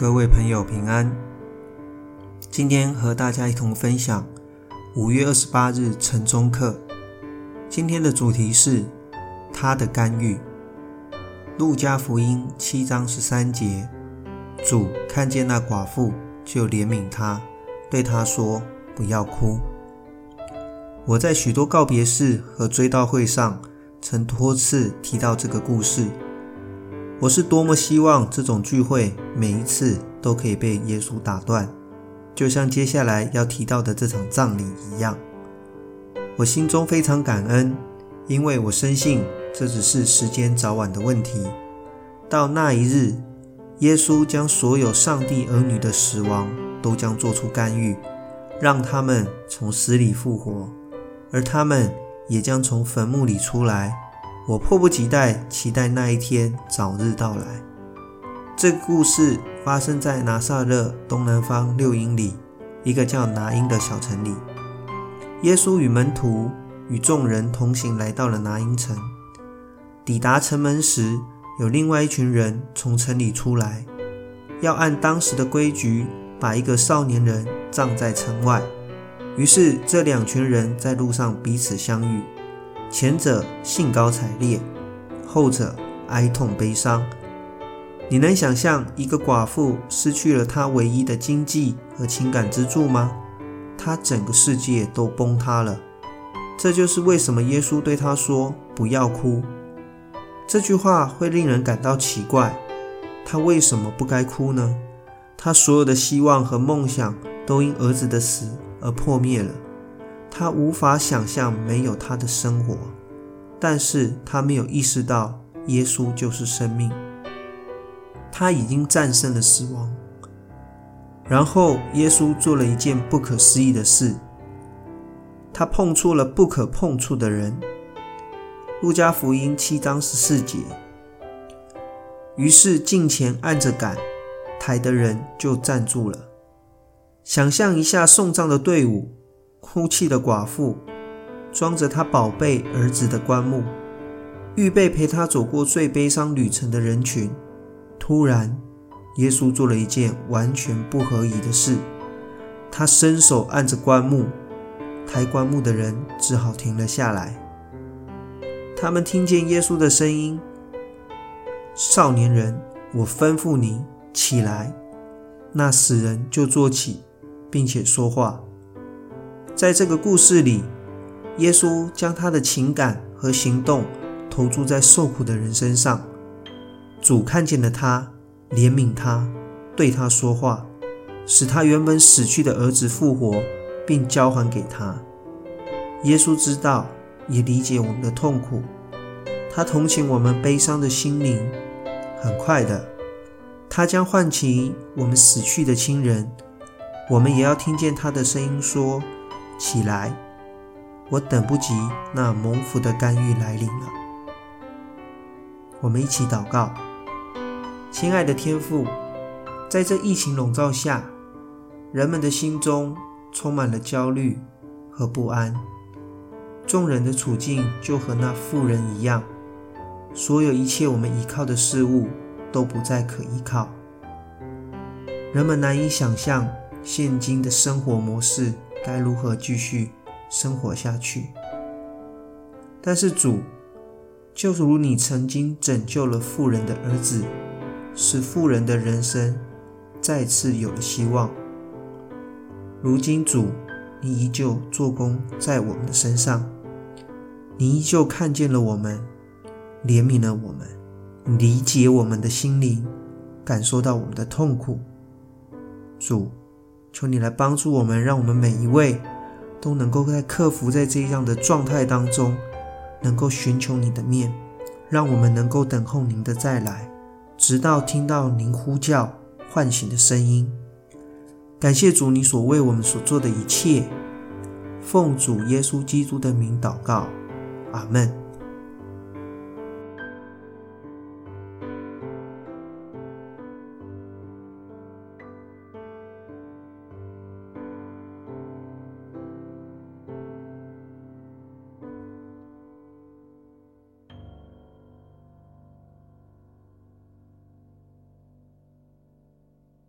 各位朋友平安，今天和大家一同分享五月二十八日晨鐘課。今天的主題是祂的干預。路加福音七章十三節，主看見那寡婦就憐憫她，對她說：“不要哭。”我在許多告別式和追悼會上曾多次提到這個故事。我是多麼希望這種聚會每一次都可以被耶穌打斷，就像接下來要提到的這場葬禮一樣。我心中非常感恩，因為我深信這只是時間早晚的問題。到那一日，耶穌將所有上帝兒女的死亡都將做出干預，讓他們從死裡復活，而他們也將從墳墓裡出來。我迫不及待，期待那一天早日到來。這個故事發生在拿撒勒東南方六英里一個叫拿因的小城裡。耶穌與門徒與眾人同行，來到了拿因城。抵達城門時，有另外一群人從城裡出來，要按當時的規矩把一個少年人葬在城外。於是這兩群人在路上彼此相遇。前者興高采烈，後者哀痛悲傷。你能想象一個寡婦失去了她唯一的經濟和情感支柱嗎？她整個世界都崩塌了。這就是為什麼耶穌對她說“不要哭”。這句話會令人感到奇怪，她為什麼不該哭呢？她所有的希望和夢想都因兒子的死而破滅了。他無法想象沒有他的生活，但是他沒有意識到耶穌就是生命，他已經戰勝了死亡。然後耶穌做了一件不可思議的事，他碰觸了不可碰觸的人。路加福音七章十四節，於是進前按着杆，抬的人就站住了。想象一下送葬的隊伍。哭泣的寡婦，裝着她寶貝兒子的棺木，預備陪他走過最悲傷旅程的人群。突然，耶穌做了一件完全不合宜的事，他伸手按着棺木，抬棺木的人只好停了下來。他們聽見耶穌的聲音：“少年人，我吩咐你起來。”那死人就坐起，並且說話。在這個故事裡，耶穌將他的情感和行動投注在受苦的人身上。主看見了他，憐憫他，對他說話，使他原本死去的兒子復活，並交還給他。耶穌知道，也理解我們的痛苦，他同情我們悲傷的心靈。很快的，他將喚起我們死去的親人，我們也要聽見他的聲音說。起來！我等不及那蒙福的干預來臨了。我們一起禱告，親愛的天父，在這疫情籠罩下，人們的心中充滿了焦慮和不安。眾人的處境就和那婦人一樣，所有一切我們依靠的事物都不再可依靠。人們難以想象現今的生活模式。該如何繼續生活下去？但是主，就如你曾經拯救了富人的兒子，使富人的人生再次有了希望。如今主，你依舊做工在我們的身上，你依舊看見了我們，憐憫了我們，理解我們的心靈，感受到我們的痛苦。主。求你來幫助我們，讓我們每一位都能夠在克服在這樣的狀態當中，能夠尋求你的面，讓我們能夠等候您的再來，直到聽到您呼叫喚醒的聲音。感謝主，你所為我們所做的一切。奉主耶穌基督的名禱告，阿門。